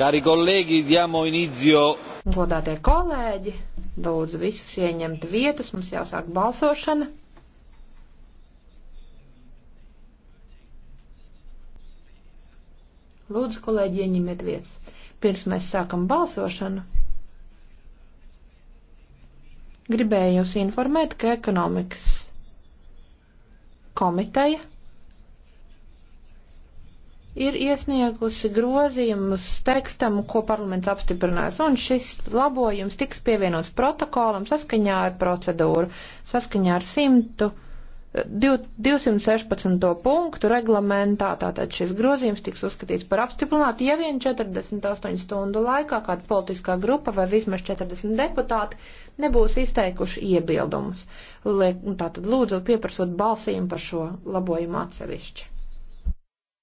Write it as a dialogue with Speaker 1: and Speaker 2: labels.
Speaker 1: Cari colleghi, diamo inizio.
Speaker 2: Godātie kolēģi, lūdzu visus ieņemt vietas, mums jāsāk balsošana. Lūdzu, kolēģi, ieņemiet vietas. Pirms mēs sākam balsošanu, gribēju jūs informēt, ka ekonomikas komiteja ir iesniegusi grozījumus tekstam, ko parlaments apstiprinās, un šis labojums tiks pievienots protokolam saskaņā ar procedūru, saskaņā ar 100. 216. punktu reglamentā, tātad šis grozījums tiks uzskatīts par apstiprinātu, ja vien 48 stundu laikā kāda politiskā grupa vai vismaz 40 deputāti nebūs izteikuši iebildumus. Tātad lūdzu pieprasot balsīm par šo labojumu atsevišķi.